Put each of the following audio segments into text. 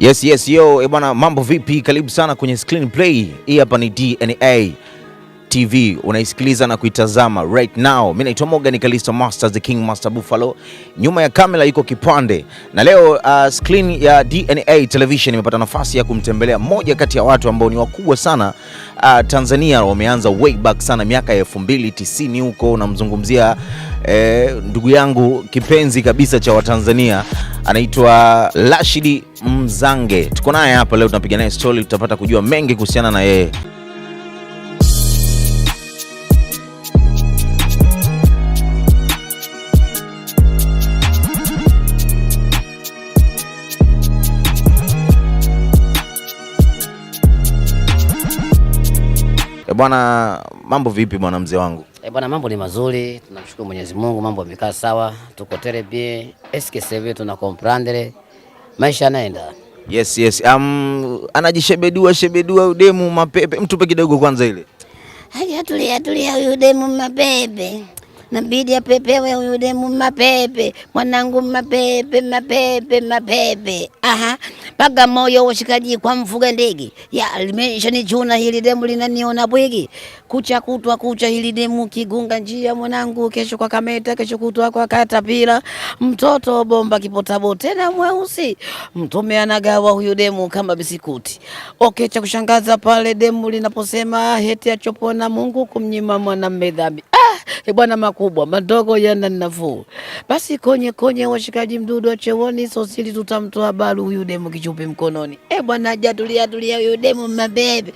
Yes, yes, yo, eh, bwana, mambo vipi? Karibu sana kwenye Screen Play. Hii hapa ni DNA TV unaisikiliza na kuitazama right now. Mimi naitwa Morgan Kalisto Masters, the King Master Buffalo. Nyuma ya kamera yuko Kipande, na leo uh, screen ya DNA Television imepata nafasi ya kumtembelea moja kati ya watu ambao ni wakubwa sana uh, Tanzania. Wameanza way back sana miaka ya 2090 huko, namzungumzia eh, ndugu yangu kipenzi kabisa cha Watanzania, anaitwa Rashidi Mzange. Tuko naye hapa leo, tunapiga naye story, tutapata kujua mengi kuhusiana na yeye. eh. E bwana, mambo vipi bwana mzee wangu? E bwana, mambo ni mazuri, tunamshukuru Mwenyezi Mungu, mambo yamekaa sawa, tuko tere bien, eske seve tuna comprendre, maisha yanaenda. Yes, yes. Um, anajishebedua shebedua udemu mapepe, mtupe kidogo kwanza ile. Haya, tulia tulia, huyu demu mapepe nabidi apepewe huyu demu mapepe, mwanangu mapepe, mapepe, mapepe. Aha, paga moyo washikaji kwa mfuga ndege ya ni limeshanichuna hili demu linaniona bwigi, kucha kutwa kucha hili demu kigunga njia mwanangu, kesho kwa kameta, kesho kutwa kwa katapila, mtoto bomba kipotabo tena mweusi, mtume anagawa huyu demu kama bisikuti. Okay, cha kushangaza pale demu linaposema heti achopona Mungu kumnyima mwana mmedhabi ah! e bwana, makubwa madogo yana nafuu. Basi konye konye, washikaji mdudu wa chewoni, sosili tutamtoa balu huyu demu kichupi mkononi. E bwana, hajatulia tulia huyu demu mabebe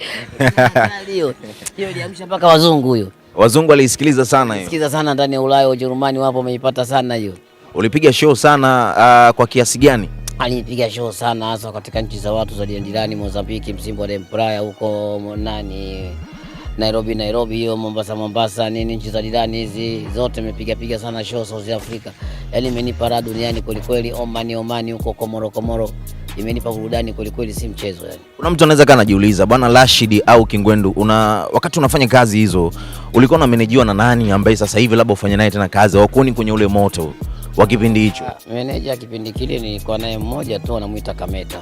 hiyo hiyo, liamsha mpaka wazungu huyo. Wazungu walisikiliza sana hiyo, sikiliza sana ndani ya Ulaya, Ujerumani wapo wameipata sana hiyo. Ulipiga show sana uh, kwa kiasi gani? Alipiga show sana hasa katika nchi za watu za jirani, Mozambiki, Msimbo, Dempraya huko nani Nairobi Nairobi hiyo Mombasa Mombasa nini nchi za jirani hizi zote nimepiga piga sana show South Africa. Yaani imenipa raha duniani kweli kweli, Omani Omani huko Komoro Komoro imenipa burudani kweli kweli, si mchezo yani. Kuna mtu anaweza kana jiuliza bwana Rashid au Kingwendu, una wakati unafanya kazi hizo ulikuwa unamenejiwa na nani ambaye sasa hivi labda ufanye naye tena kazi, kuni kwenye ule moto wa kipindi hicho? Ah, Meneja kipindi kile nilikuwa naye mmoja tu, anamuita Kameta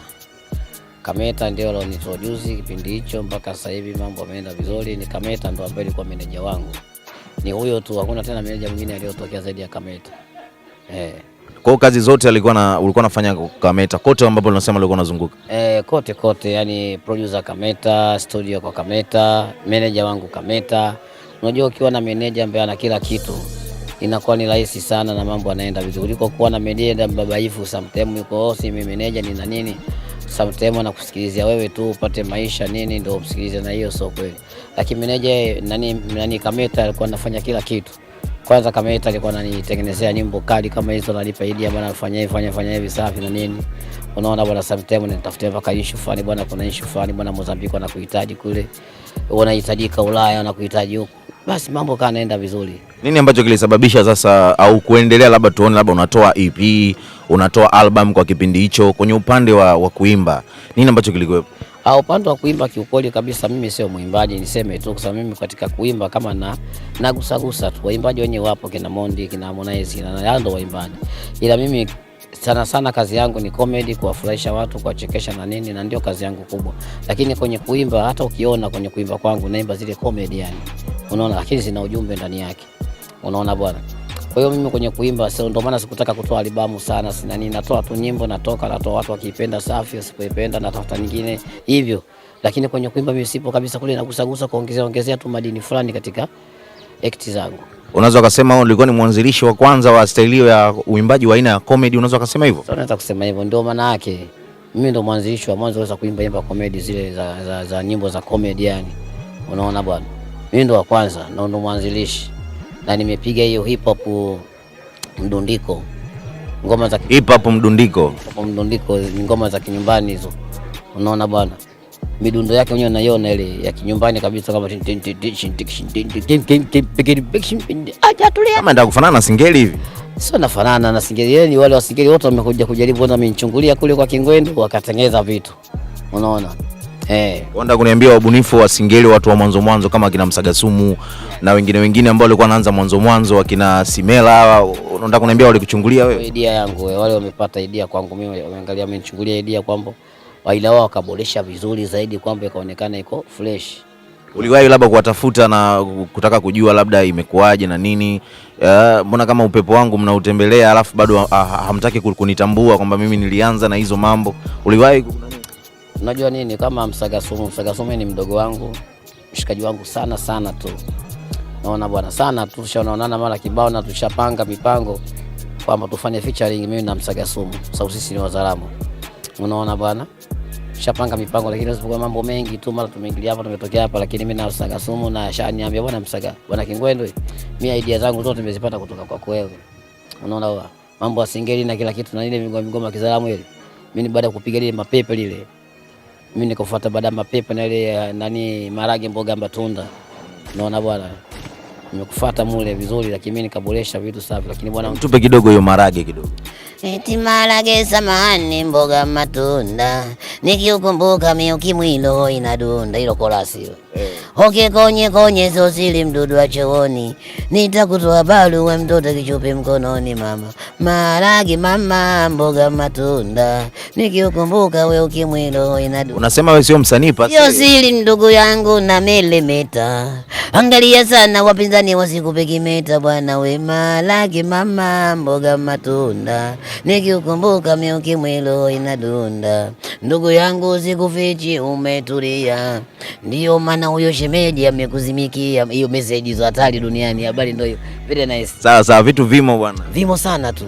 Kameta ndio alionitrojuzi kipindi hicho, mpaka sasa hivi mambo yameenda vizuri. Ni Kameta ndo ambaye alikuwa meneja wangu, ni huyo tu, hakuna tena meneja mwingine aliyotokea zaidi ya Kameta eh. Kwa kazi zote alikuwa na ulikuwa nafanya Kameta kote ambapo unasema alikuwa anazunguka eh, kote kote, yani producer Kameta, studio kwa Kameta, meneja wangu Kameta. Unajua, ukiwa na meneja ambaye ana kila kitu inakuwa ni rahisi sana na mambo yanaenda vizuri, kuliko kuwa na meneja mbabaifu. Sometimes yuko osi, mimi meneja nina nini sometimes anakusikilizia wewe tu upate maisha nini, ndio msikilize, na hiyo sio kweli. Lakini meneja nani, nani Kameta alikuwa anafanya kila kitu. Kwanza Kameta alikuwa ananitengenezea nyimbo kali kama hizo, ananipa idea bwana, fanya hivi fanya fanya hivi safi na nini, unaona bwana. Sometimes nitafuta mpaka issue fulani bwana, kuna issue fulani bwana, Mozambique anakuhitaji kule, unahitajika Ulaya, anakuhitaji huko basi mambo kaa vizuri. Nini ambacho kilisababisha sasa au kuendelea, labda tuone, labda unatoa EP unatoa album kwa kipindi hicho, kwenye upande wa, wa kuimba nini ambacho kilikuwepo? Ah, upande wa kuimba kiukweli kabisa mimi sio mwimbaji, niseme tu kwa mimi katika kuimba kama na nagusagusa tu. Waimbaji wenye wapo, kina Mondi, kina Harmonize, kina Nando waimbaji, ila mimi sana sana kazi yangu ni comedy, kuwafurahisha watu, kuwachekesha na nini, na ndio kazi yangu kubwa. Lakini kwenye kuimba, hata ukiona kwenye kuimba kwangu naimba zile comedy yani, unaona, lakini zina ujumbe ndani yake, unaona bwana. Kwa hiyo mimi kwenye kuimba, sio ndio maana sikutaka kutoa albamu sana, sina nini, natoa tu nyimbo, natoka natoa, watu wakiipenda safi, usipoipenda natafuta nyingine hivyo. Lakini kwenye kuimba mimi sipo kabisa, kule nagusagusa kuongezea ongezea tu madini fulani katika act zangu unaweza ukasema ulikuwa ni mwanzilishi wa kwanza wa staili ya uimbaji wa aina ya comedy, unaweza ukasema hivyo? Sasa naweza kusema hivyo, ndio maana yake mimi ndo mwanzilishi wa mwanzo waweza kuimba imba comedy zile za, za, za nyimbo za comedy yani, unaona bwana, mimi ndo wa kwanza na ndo mwanzilishi na nimepiga hiyo hip hop mdundiko, ngoma za hip hop mdundiko, hip hop mdundiko, ngoma za kinyumbani hizo, unaona bwana midundo yake mwenyewe naiona ile ya kinyumbani kabisa, kama kama ndio kufanana na singeli hivi. Sio nafanana na singeli, yeye ni wale wa singeli wote wamekuja kujaribu, kwanza amenichungulia kule kwa Kingwendu wakatengeneza vitu, unaona eh, wanda kuniambia wabunifu wa singeli, watu wa mwanzo mwanzo kama kina Msagasumu na wengine wengine ambao walikuwa wanaanza mwanzo mwanzo, wakina Simela, unataka kuniambia walikuchungulia wewe idea yangu? Wale wamepata idea kwangu mimi, wameangalia mimi amenichungulia idea kwamba waila wao wakaboresha vizuri zaidi, kwamba ikaonekana iko fresh. Uliwahi labda kuwatafuta na kutaka kujua labda imekuwaje na nini? Eh, mbona kama upepo wangu mnautembelea, alafu bado ah, ah, hamtaki kunitambua kwamba mimi nilianza na hizo mambo? Uliwahi unajua nini, kama Msagasumu, Msagasumu ni mdogo wangu, mshikaji wangu sana sana tu, naona bwana sana tu, tushaonana mara kibao na tushapanga mipango kwamba tufanye featuring mimi na Msagasumu, sababu sisi ni Wazaramo, unaona bwana tushapanga mipango, lakini usipokuwa mambo mengi tu, mara tumeingilia hapa tumetokea hapa, lakini mimi na Msaga Sumu na shaniambia bwana Msaga, bwana Kingwendwe, mimi idea zangu zote nimezipata kutoka kwako wewe. Unaona wa mambo ya singeli na kila kitu na ile migoma migoma kizalamu ile, mimi baada ya kupiga ile mapepe lile, mimi nikafuata baada ya mapepe na ile nani marage mboga matunda, unaona bwana nimekufuata mule vizuri, lakini mimi nikaboresha vitu safi, lakini bwana, mtupe kidogo hiyo marage kidogo Eti marage, samani, mboga, matunda, nikiukumbuka miukimwilo ukimwi, inadunda. Hilo kolasi Hoke konye konye zozili mdudu wa chooni, nitakutoa balu wa mtoto kichupi mkononi. Mama maragi, mama mboga matunda, nikiukumbuka we ukimwilo inadu. Unasema we sio msanii pasi? Sio siri ndugu yangu na melemeta, angalia sana wapinzani wasikupekimeta bwana we. Maragi, mama mboga matunda, nikiukumbuka me ukimwilo inadunda ndugu yangu sikufichi, umetulia. Ndio maana huyo shemeji amekuzimikia hiyo message za hatari duniani. Habari ndio hiyo, very nice. Sawa sawa, vitu vimo bwana, vimo sana tu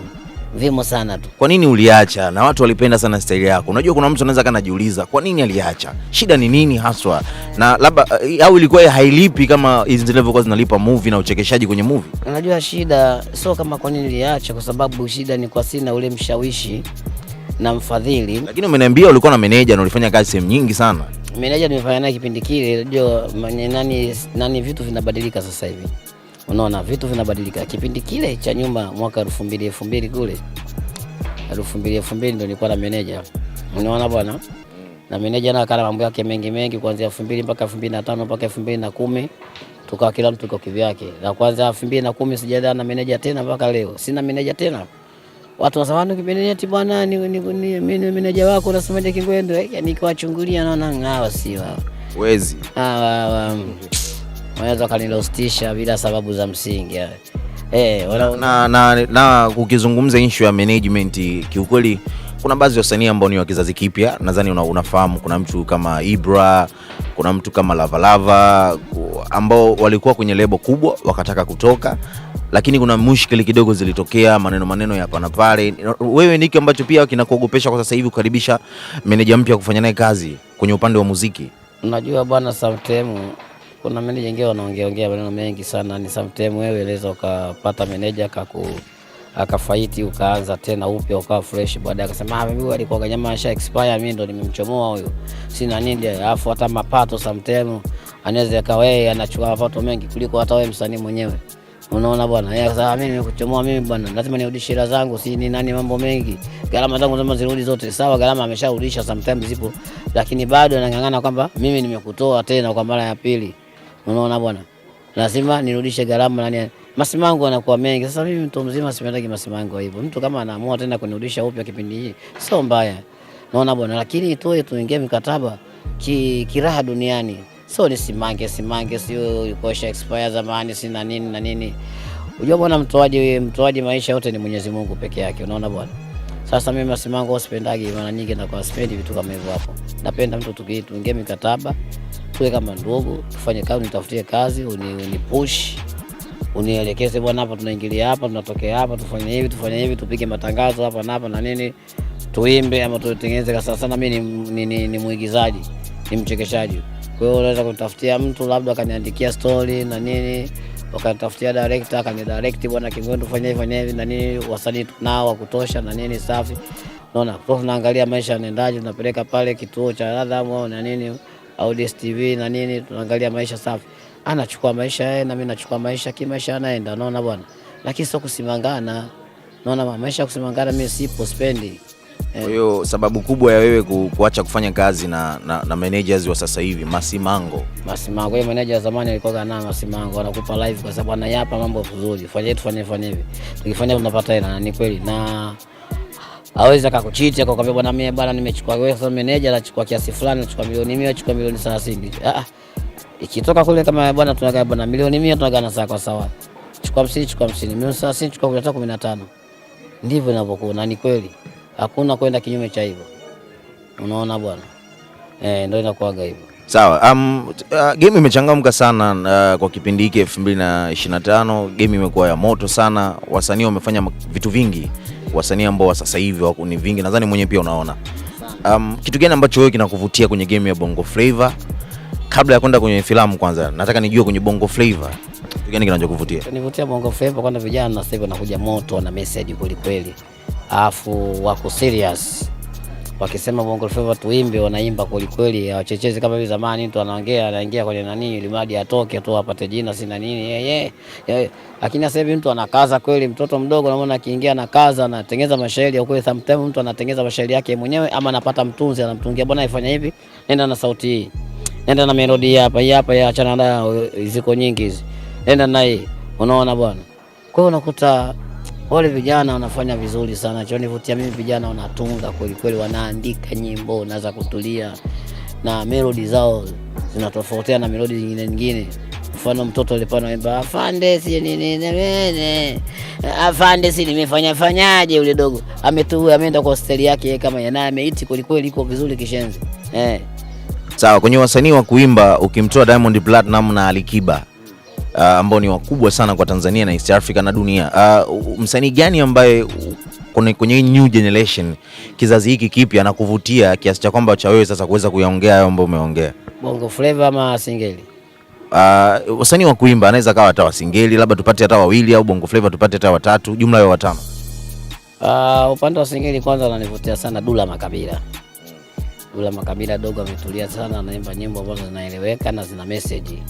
vimo sana tu. Kwa nini uliacha? Na watu walipenda sana staili yako. Unajua, kuna mtu anaweza kanajiuliza kwa nini aliacha, shida ni nini haswa? Na labda eh, au ilikuwa hailipi kama hizi zilivyokuwa zinalipa movie na uchekeshaji kwenye movie. Unajua, shida sio kama kwa nini uliacha, kwa sababu shida ni kwa sina ule mshawishi na mfadhili. Lakini umeniambia ulikuwa na meneja na ulifanya kazi sehemu nyingi sana. Meneja nimefanya naye kipindi kile, ndio nani nani, vitu vinabadilika sasa hivi, unaona vitu vinabadilika. Kipindi kile cha nyuma, mwaka elfu mbili elfu mbili kule elfu mbili elfu mbili ndio nilikuwa na meneja, unaona bwana, na meneja na kana mambo yake mengi mengi, kuanzia 2000 mpaka 2005 mpaka 2010 mbili tukawa kila mtu kwa kivyake, na kwanza 2010 sijaenda na meneja tena mpaka leo, sina meneja tena watu wa zamani kipindi eti bwana ni, ni, ni, mimi meneja wako unasema unasemaje Kingwendu? Eh, yani kiwachungulia naona ngao si wao wezi ah, wa, wanaweza kanilostisha bila sababu za msingi eh. eh, wala... na, na, na ukizungumza issue ya management kiukweli kuna baadhi ya wasanii ambao ni wa kizazi kipya, nadhani una, unafahamu kuna mtu kama Ibra, kuna mtu kama Lavalava ambao walikuwa kwenye lebo kubwa wakataka kutoka lakini kuna mushkili kidogo zilitokea, maneno maneno ya hapa na pale. Wewe niki ambacho pia kinakuogopesha kwa sasa hivi kukaribisha meneja mpya kufanya naye kazi kwenye upande wa muziki? Unajua bwana, sometimes kuna meneja wengine wanaongea ongea maneno mengi sana, ni yaani sometimes wewe unaweza ukapata meneja kaku akafaiti ukaanza tena upya ukawa fresh, baadaye akasema ah, mimi alikuwa kanyama asha expire, mimi ndo nimemchomoa huyo, sina nini. Alafu hata mapato sometimes anaweza akawa yeye anachukua mapato mengi kuliko hata wewe msanii mwenyewe. Unaona bwana, yeah, sasa mimi kuchomoa mimi bwana, lazima nirudishe hela zangu, si ni nani, mambo mengi, gharama zangu zama zirudi zote. Sawa, gharama amesharudisha sometimes zipo, lakini bado anang'ang'ana kwamba mimi nimekutoa tena kwa mara ya pili. Unaona bwana, lazima nirudishe gharama nani, masimango yanakuwa mengi. Sasa mimi mtu mzima sipendagi masimango hivyo. Mtu kama anaamua tena kunirudisha upya kipindi hii, sio mbaya. Unaona bwana, lakini itoe tuingie mikataba ki, kiraha duniani so ni simange simange, sio ikosha expire zamani, si na nini na nini. Unajua bwana, mtoaji mtoaji maisha yote ni Mwenyezi Mungu peke yake, unaona bwana. Sasa mimi masimango sipendagi mara nyingi, na kwa sipendi vitu kama hivyo hapo. Napenda mtu tuingie mikataba, tuwe kama ndugu, tufanye kazi, nitafutie kazi, uni, uni push unielekeze bwana, hapa tunaingilia hapa, tunatokea hapa, tufanye hivi tufanye hivi, tupige matangazo hapa na hapa na nini, tuimbe ama tutengeneze. Sana sana mimi ni, ni, ni, ni mwigizaji, ni mchekeshaji kwa hiyo unaweza kunitafutia mtu labda akaniandikia story na nini, wakatafutia director akanidirect, bwana Kingwendu, fanya hivi fanya hivi na nini, wasanii tunao wa kutosha na nini, safi. Naona tunaangalia maisha yanaendaje, tunapeleka pale kituo cha Adhamu au na nini au DSTV na nini, tunaangalia maisha safi. Anachukua maisha yeye na mimi nachukua maisha, eh, kimaisha anaenda, naona bwana, lakini sio kusimangana. Naona maisha kusimangana mimi sipo, sipendi. Kwa hiyo sababu kubwa ya wewe ku, kuacha kufanya kazi na, na, na managers wa sasa hivi Masimango. Masimango yeye manager zamani alikuwa na Masimango anakupa live kwa sababu anayapa mambo vizuri. Fanya hivi fanya fanya hivi. Tukifanya tunapata hela na ni kweli na aweza akakuchiti akakwambia bwana mimi bwana nimechukua wewe sasa manager anachukua kiasi fulani anachukua milioni 100 anachukua milioni 30. Ah, ah. Ikitoka kule kama bwana tunaga bwana milioni tunaga na sawa kwa sawa. Chukua 50 chukua 50 milioni 30 chukua 15. Ndivyo inavyokuwa na ni kweli hakuna kwenda kinyume cha hivyo. Unaona bwana, eh, ndio inakuwaga hivyo. Sawa. Um, uh, game imechangamka sana uh, kwa kipindi hiki elfu mbili na ishirini na tano game imekuwa ya moto sana, wasanii wamefanya vitu vingi, wasanii ambao wa sasa hivi wako ni vingi, nadhani mwenyewe pia unaona. Um, kitu gani ambacho wewe kinakuvutia kwenye game ya Bongo Flava? Kabla ya kwenda kwenye filamu, kwanza nataka nijue kwenye Bongo Flava kitu gani kinachokuvutia? Kinivutia Bongo Flava, kwanza, vijana sasa hivi wanakuja moto na message kweli kweli afu wako serious wakisema Bongo Flava tuimbe, wanaimba kweli kweli, hawachechezi kama vile zamani. Mtu anaongea anaingia kwenye nani, limadi atoke tu apate jina sina nini yeye, lakini sasa hivi mtu anakaza kweli. Mtoto mdogo naona akiingia anakaza, anatengeza mashairi au kweli. Sometimes mtu anatengeza mashairi yake mwenyewe, ama anapata mtunzi, anamtungia bwana, ifanya hivi, nenda na sauti hii, nenda na melodi hapa hii hapa ya achana na ziko nyingi hizi, nenda na hii, unaona bwana. Kwa hiyo unakuta wale vijana wanafanya vizuri sana, chonivutia mimi vijana wanatunga kweli kweli, wanaandika nyimbo na za kutulia na melodi zao zinatofautiana na melodi nyingine nyingine. Mfano mtoto alikuwa anaimba afande si nini nene, afande si nimefanya fanyaje, yule dogo ametu ameenda kwa hosteli yake kama yana ameiti kweli kweli, iko vizuri kishenzi eh. Sawa, kwenye wasanii wa kuimba ukimtoa Diamond Platinum na Alikiba uh, ambao ni wakubwa sana kwa Tanzania na East Africa na dunia. Uh, msanii gani ambaye kwenye kwenye new generation kizazi hiki kipya anakuvutia kiasi cha kwamba cha wewe sasa kuweza kuyaongea hayo ambayo umeongea? Bongo Flava ama Singeli? Uh, wasanii wa kuimba anaweza kawa hata wasingeli, labda tupate hata wawili, au Bongo Flava tupate hata watatu, jumla ya watano. Uh, upande wa singeli kwanza ananivutia sana Dula Makabila. Dula Makabila dogo ametulia sana, anaimba nyimbo ambazo zinaeleweka na zina message.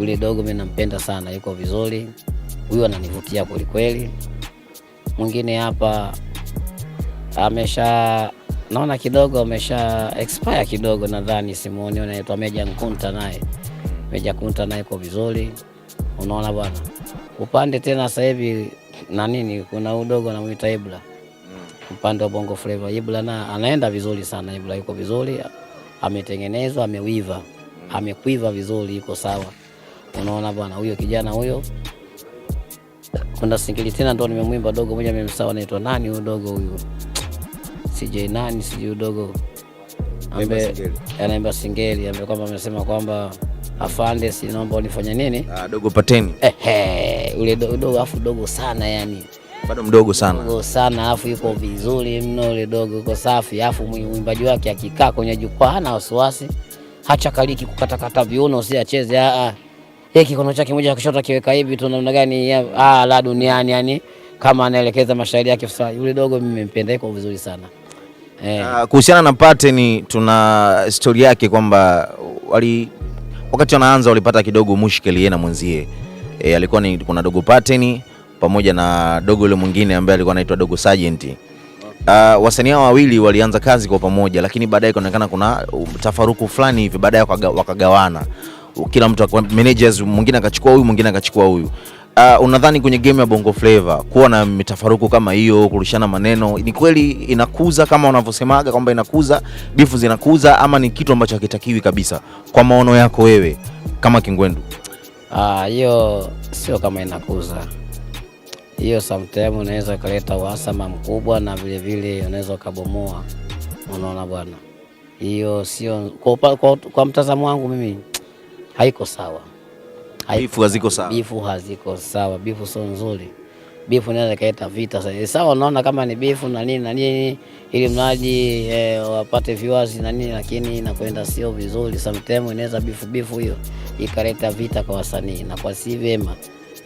Yule dogo mimi nampenda sana, yuko vizuri, huyu ananivutia kwelikweli. Mwingine hapa amesha naona kidogo amesha expire kidogo, nadhani simuoni, anaitwa Meja Nkunta, naye Meja Kunta naye yuko vizuri, unaona bwana. Upande tena sasa hivi na nini, kuna udogo anamuita Ibra upande wa Bongo Flava Ibra na anaenda vizuri sana. Ibra yuko vizuri, ametengenezwa, amewiva, amekuiva vizuri, yuko sawa. Unaona bwana, huyo kijana huyo kwenda singili tena, ndo nimemwimba dogo moja memsawa, anaitwa nani huyo dogo huyu, sijui nani, sijui dogo anaimba singeli, ambe kwamba amesema kwamba afande, si naomba unifanye nini, ah, dogo pateni, ehe, ule dogo, afu dogo sana yani bado mdogo sana mdogo sana afu yuko vizuri mno ule dogo, yuko safi. Afu mwimbaji wake akikaa kwenye jukwaa na wasiwasi, hacha kaliki kukatakata viuno, usiacheze a a yeye kikono chake kimoja cha kushoto akiweka hivi tu namna gani ya ah, la duniani yani kama anaelekeza mashairi yake fsa. Yule dogo mimi nimempenda, yuko vizuri sana eh. Uh, kuhusiana na Pateni tuna story yake kwamba wali wakati wanaanza walipata kidogo mushkeli yeye na mwenzie e, alikuwa ni kuna dogo Pateni pamoja na dogo yule mwingine ambaye alikuwa anaitwa dogo Sergeant. Uh, wasanii hao wawili walianza kazi kwa pamoja, lakini baadaye ikaonekana kuna tafaruku fulani hivi, baadaye wakagawana kila mtu akwa managers, mwingine akachukua huyu, mwingine akachukua huyu. Uh, unadhani kwenye game ya Bongo Flava kuwa na mitafaruku kama hiyo, kurushana maneno, ni kweli inakuza kama wanavyosemaga kwamba inakuza bifu zinakuza, ama ni kitu ambacho hakitakiwi kabisa, kwa maono yako wewe kama Kingwendu? Ah, hiyo uh, sio kama inakuza hiyo, sometimes unaweza ukaleta uhasama mkubwa na vilevile unaweza ukabomoa, unaona bwana, hiyo sio kwa, kwa, kwa mtazamo wangu mimi haiko sawa, bifu haziko sawa, bifu haziko sawa, bifu sio nzuri. Bifu naweza ikaleta vita. Sasa eh, sawa, naona kama ni bifu na nini na nini, ili mradi eh, wapate viwazi na nini, lakini inakwenda sio vizuri. Sometimes inaweza bifu bifu hiyo ikaleta vita kwa wasanii na kwa si vema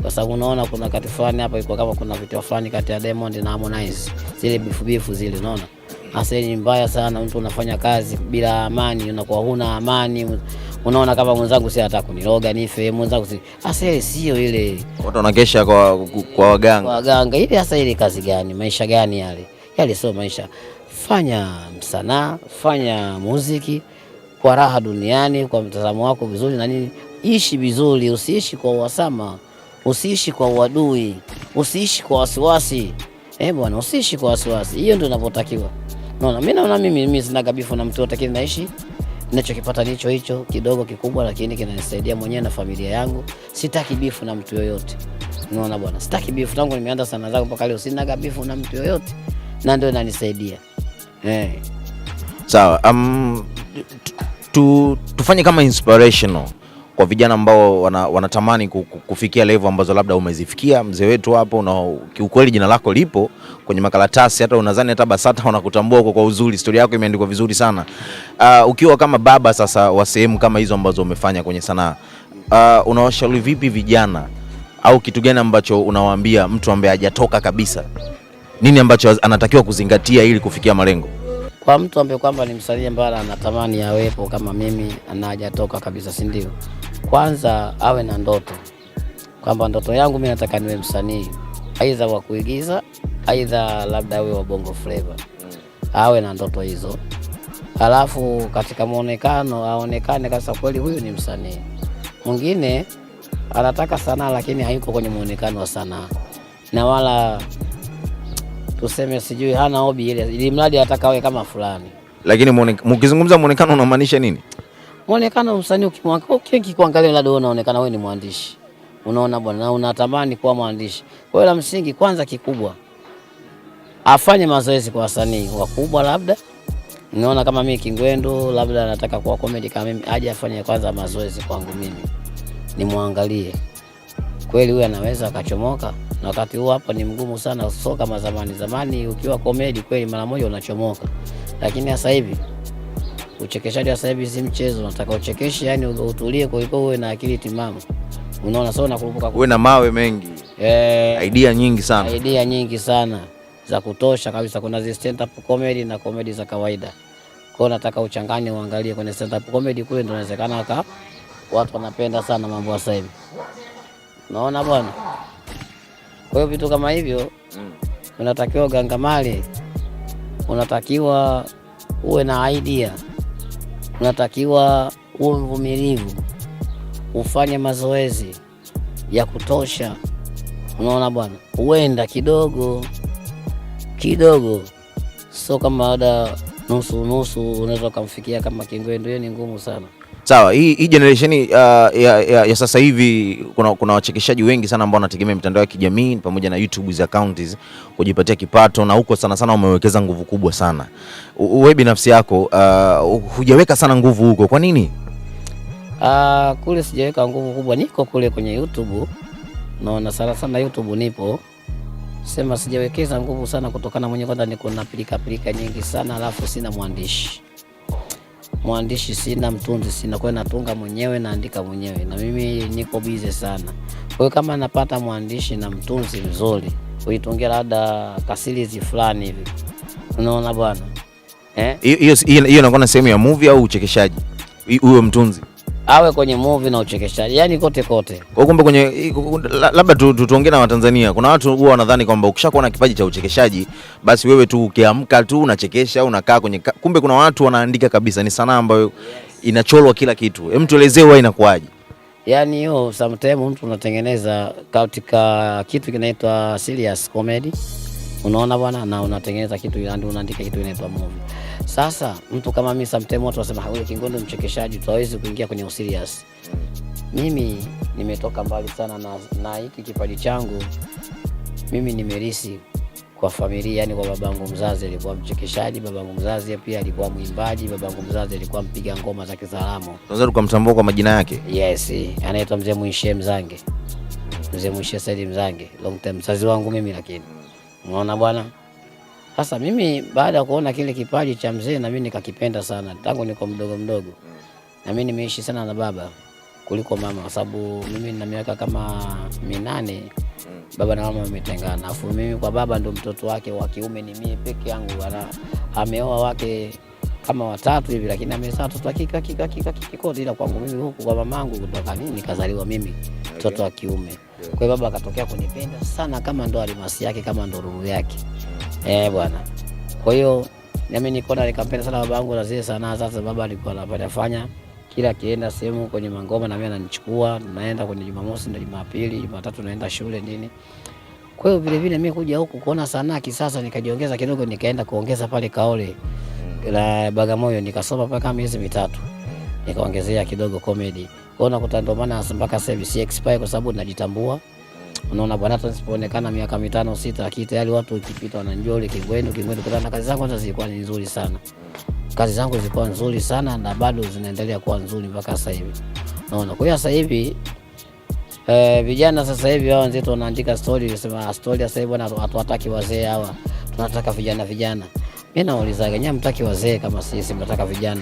kwa sababu unaona kuna kati fulani hapa iko kama kuna vitu fulani kati ya Diamond na Harmonize, zile bifu bifu zile, unaona hasa mbaya sana. Mtu unafanya kazi bila amani, unakuwa huna amani, unaona kama mwenzangu si hata kuniroga nife, mwenzangu si hasa, sio ile. Watu wanakesha kwa kwa waganga, waganga ile hasa, ile kazi gani? Maisha gani yale? Yale sio maisha. Fanya msanaa, fanya muziki kwa raha duniani, kwa mtazamo wako vizuri na nini, ishi vizuri, usiishi kwa uhasama, usiishi kwa uadui, usiishi kwa wasiwasi. Eh bwana, usiishi kwa wasiwasi. Hiyo ndio inavyotakiwa. Naona mimi naona mimi mimi sina gabifu na mtu lakini naishi nachokipata nicho hicho kidogo kikubwa, lakini kinanisaidia mwenyewe na familia yangu. Sitaki bifu na mtu yoyote. naona bwana, sitaki bifu tangu nimeanza sana zangu mpaka leo sina gabifu na mtu yoyote, na ndio inanisaidia eh. Sawa, um, tufanye kama inspirational kwa vijana ambao wana, wanatamani kufikia level ambazo labda umezifikia mzee wetu hapo, na kiukweli jina lako lipo kwenye makaratasi, hata unadhani hata BASATA wanakutambua kwa uzuri, historia yako imeandikwa vizuri sana. Uh, ukiwa kama baba sasa wa sehemu kama hizo ambazo umefanya kwenye sanaa uh, unawashauri vipi vijana au kitu gani ambacho unawaambia mtu ambaye hajatoka kabisa? Nini ambacho anatakiwa kuzingatia ili kufikia malengo? Kwa mtu ambaye kwamba ni msanii ambaye anatamani awepo kama mimi na hajatoka kabisa, si ndio? kwanza awe na ndoto kwamba ndoto yangu mimi nataka niwe msanii, aidha wa kuigiza, aidha labda awe wa bongo flava, mm. awe na ndoto hizo, alafu katika mwonekano aonekane kasa kweli huyu ni msanii. Mwingine anataka sanaa lakini hayuko kwenye mwonekano wa sanaa na wala tuseme sijui hana hobi ile, ili mradi anataka awe kama fulani. Lakini mukizungumza mwonekano unamaanisha nini? Muonekano msanii ukimwangalia, ukikuangalia labda unaonekana wewe ni mwandishi. Unaona bwana na unatamani kuwa mwandishi. Kwa hiyo la msingi kwanza kikubwa afanye mazoezi kwa wasanii wakubwa labda. Unaona kama mimi Kingwendo labda nataka kuwa comedy kama mimi aje afanye kwanza mazoezi kwangu mimi. Nimwangalie. Kweli huyu anaweza akachomoka na wakati huo hapo ni mgumu sana soka kama zamani zamani ukiwa comedy kweli mara moja unachomoka. Lakini sasa hivi uchekeshaji wa sasa hivi si mchezo, nataka uchekeshe, yani utulie kuliko uwe na akili timamu. Unaona, sio nakurupuka, uwe na mawe mengi eh, idea nyingi sana, idea nyingi sana za kutosha kabisa. Kuna zi stand up comedy na comedy za kawaida, kwa hiyo nataka uchanganye, uangalie kwenye stand up comedy kule, ndio inawezekana aka watu wanapenda sana mambo sasa hivi, unaona bwana. Kwa hiyo vitu kama hivyo mm. unatakiwa ganga mali, unatakiwa uwe na idea unatakiwa uwe mvumilivu, ufanye mazoezi ya kutosha. Unaona bwana, huenda kidogo kidogo, sio kama ada nusu nusu, unaweza ukamfikia kama Kingwendu, hiyo ni ngumu sana. Sawa, hii hii generation uh, ya, ya, ya sasa hivi kuna, kuna wachekeshaji wengi sana ambao wanategemea mitandao ya kijamii pamoja na YouTube za accounts kujipatia kipato, na huko sana sana wamewekeza nguvu kubwa sana. Wewe binafsi yako uh, hujaweka sana nguvu huko, kwa nini? Uh, kule sijaweka nguvu kubwa, niko kule kwenye YouTube naona sana sana YouTube nipo sema, sijawekeza nguvu sana kutokana mwenye kwanza niko na pilika pilika nyingi sana, alafu sina mwandishi mwandishi sina, mtunzi sina, kwa natunga mwenyewe, naandika mwenyewe, na mimi niko bize sana. Kwa hiyo kama napata mwandishi na mtunzi mzuri, uitungia labda kasirizi fulani hivi, unaona bwana eh? hiyo eh? inakuwa na sehemu ya movie au uchekeshaji huyo mtunzi awe kwenye movie na uchekeshaji, yani kote kote. Kumbe kwenye labda tuongee na Watanzania, kuna watu huwa wanadhani kwamba ukishakuwa na kipaji cha uchekeshaji basi wewe tu ukiamka tu unachekesha unakaa kwenye, kumbe kuna watu wanaandika kabisa, ni sanaa ambayo yes, inacholwa kila kitu. Hem, tuelezee huwa inakuwaje? Yani hiyo sometimes mtu unatengeneza katika kitu kinaitwa serious comedy Unaona bwana, na unatengeneza kitu yani, unaandika kitu inaitwa movie. Sasa mtu kama mimi sometimes watu wasema huyo Kingondo mchekeshaji, tuwezi kuingia kwenye serious. Mimi nimetoka mbali sana na na hiki kipaji changu. Mimi nimerisi kwa familia, yani kwa babangu mzazi alikuwa mchekeshaji, babangu mzazi pia alikuwa mwimbaji, babangu mzazi alikuwa mpiga ngoma za kizalamo. Unaweza tukamtambua kwa majina yake? Yes, anaitwa Mzee Mwishe Mzange. Mzee Mwishe Saidi Mzange, long time mzazi wangu mimi lakini Unaona bwana. Sasa mimi baada ya kuona kile kipaji cha mzee na mimi nikakipenda sana tangu niko mdogo mdogo. Na mimi nimeishi sana na baba kuliko mama kwa sababu mimi nina miaka kama minane baba na mama wametengana. Alafu mimi kwa baba ndo mtoto wake wa kiume ni mimi peke yangu ana ameoa wake kama watatu hivi lakini amezaa watoto kika kika kika kikoti ila kwangu mimi huku kwa mamangu kutoka nini nikazaliwa mimi mtoto okay. wa kiume. Kwa hiyo baba akatokea kunipenda sana kama ndo alimasi yake kama ndo ruru yake. Mm. Eh, bwana. Kwa hiyo nami nikaona nikampenda sana baba yangu na zile sanaa sasa baba alikuwa anafanya kila kienda sehemu kwenye mangoma na mimi ananichukua, naenda kwenye Jumamosi na Jumapili, Jumatatu naenda shule nini. Kwa hiyo vile vile mimi kuja huku kuona sanaa kisasa nikajiongeza kidogo nikaenda kuongeza pale Kaole mm. la Bagamoyo nikasoma kama miezi mitatu nikaongezea kidogo comedy. Unakuta ndio maana mpaka sasa hivi si expire, kwa sababu najitambua. Unaona bwana, hata nisipoonekana miaka mitano sita, lakini tayari watu ukipita wananijua Kingwendu, Kingwendu, kwa sababu kazi zangu hata zilikuwa ni nzuri sana. Kazi zangu zilikuwa nzuri sana na bado zinaendelea kuwa nzuri mpaka sasa hivi. Unaona, kwa hiyo sasa hivi eh, vijana sasa hivi hao wenzetu wanaandika story, wanasema story sasa hivi bwana, hatuwataki wazee hawa, tunataka vijana vijana mimi nauliza nyinyi mtaki wazee kama sisi, mnataka vijana.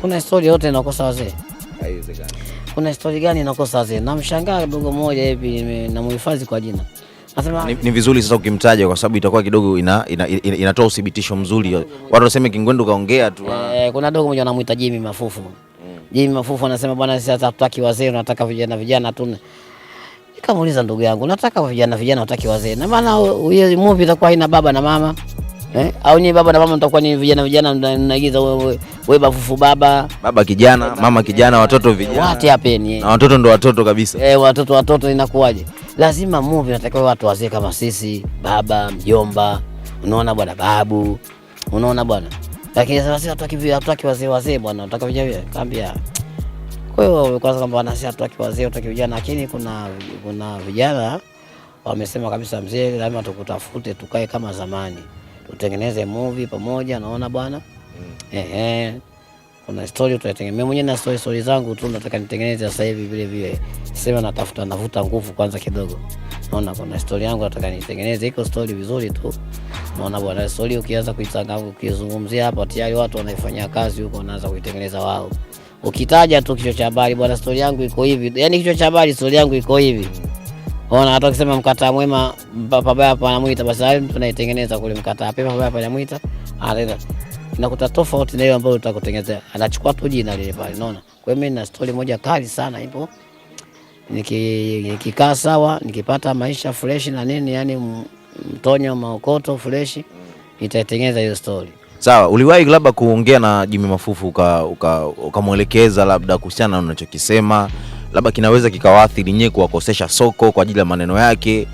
Kuna story yote inakosa wazee? Haiwezekani. Kuna story gani inakosa wazee? Namshangaa dogo moja hivi namhifadhi kwa jina. Nasema ni, ni vizuri sasa ukimtaja kwa sababu itakuwa kidogo ina, ina, ina, ina uthibitisho mzuri. Watu waseme Kingwendu kaongea tu. Ah. Eh, eh, kuna dogo mmoja anamuita Jimmy Mafufu. Mm. Jimmy Mafufu anasema bwana, sisi hatutaki wazee, tunataka vijana vijana tu. Nikamuuliza ndugu yangu, nataka vijana vijana, hataki wazee. Na maana hiyo movie itakuwa haina baba na mama. Eh? Au ni baba na mama mtakuwa ni vijana vijana mnaigiza wewe wewe bafufu baba. Baba kijana, mama kijana, watoto vijana. What happen? Eh. Na watoto ndo watoto kabisa. Eh, watoto watoto inakuwaje? Lazima movie natakiwa watu wazee kama sisi, baba, mjomba, unaona bwana babu. Unaona bwana. Lakini sasa sisi hatutaki vile hatutaki wazee wazee bwana, tunataka vijana kaambia. Kwa hiyo kwanza kwamba wanasi hatutaki wazee, hatutaki vijana, lakini kuna kuna vijana wamesema kabisa mzee, lazima tukutafute tukae kama zamani tutengeneze movie pamoja, naona bwana mm. Ehe, kuna story tutaitengeneza mwenyewe na story story zangu tu nataka nitengeneze sasa hivi vile vile, sema natafuta navuta nguvu kwanza kidogo, naona kuna story yangu nataka nitengeneze, iko story vizuri tu, naona bwana, story ukianza kuitanga ukizungumzia hapa tayari watu wanaifanyia kazi huko, wanaanza kuitengeneza wao, ukitaja tu kichwa cha habari bwana, story yangu iko hivi, yani kichwa cha habari story yangu iko hivi mm. Ona hata ukisema mkataa mwema baba hapa anamuita basi hapo tunaitengeneza kule, mkataa pema anamuita panamwita, nakuta tofauti na hiyo ambayo utakutengenezea, anachukua tu jina lile pale, unaona. Kwa hiyo mimi na story moja kali sana ipo, nikikaa sawa, nikipata maisha fresh na nini, yani mtonyo maokoto fresh, nitaitengeneza hiyo story. Sawa, uliwahi labda kuongea na Jimmy Mafufu ukamwelekeza uka, uka labda kuhusiana na unachokisema labda kinaweza kikawaathiri nyewe, kuwakosesha soko kwa ajili ya maneno yake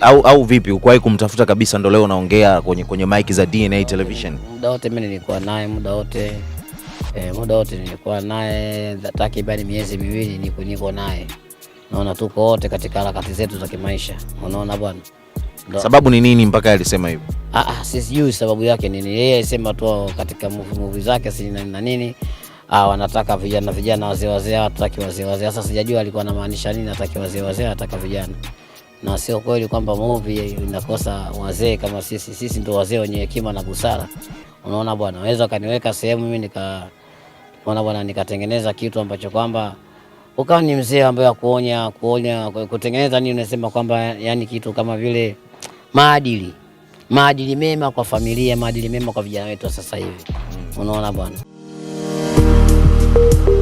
au, au vipi? Ukuwahi kumtafuta kabisa, ndo leo unaongea kwenye, kwenye mike za DNA Television? Muda wote mi nilikuwa naye muda wote e, muda wote nilikuwa naye takriban miezi miwili niko niko naye, naona tuko wote katika harakati zetu za kimaisha, unaona bwana. Sababu ni nini mpaka alisema hivyo? Ah, ah, sijui sababu yake nini, yeye alisema tu katika movie zake si na nini ah, wanataka vijana vijana, wazee wazee, hataki wazee wazee. Sasa sijajua alikuwa anamaanisha nini, hataki wazee wazee, hataka vijana, na sio kweli kwamba movie inakosa wazee kama sisi. Sisi ndio wazee wenye hekima na busara, unaona bwana. naweza kaniweka sehemu mimi nika unaona bwana, nikatengeneza kitu ambacho kwamba ukawa ni mzee ambaye akuonya kuonya kutengeneza nini, unasema kwamba yani kitu kama vile maadili maadili mema kwa familia, maadili mema kwa vijana wetu sasa hivi, unaona bwana. Thank you.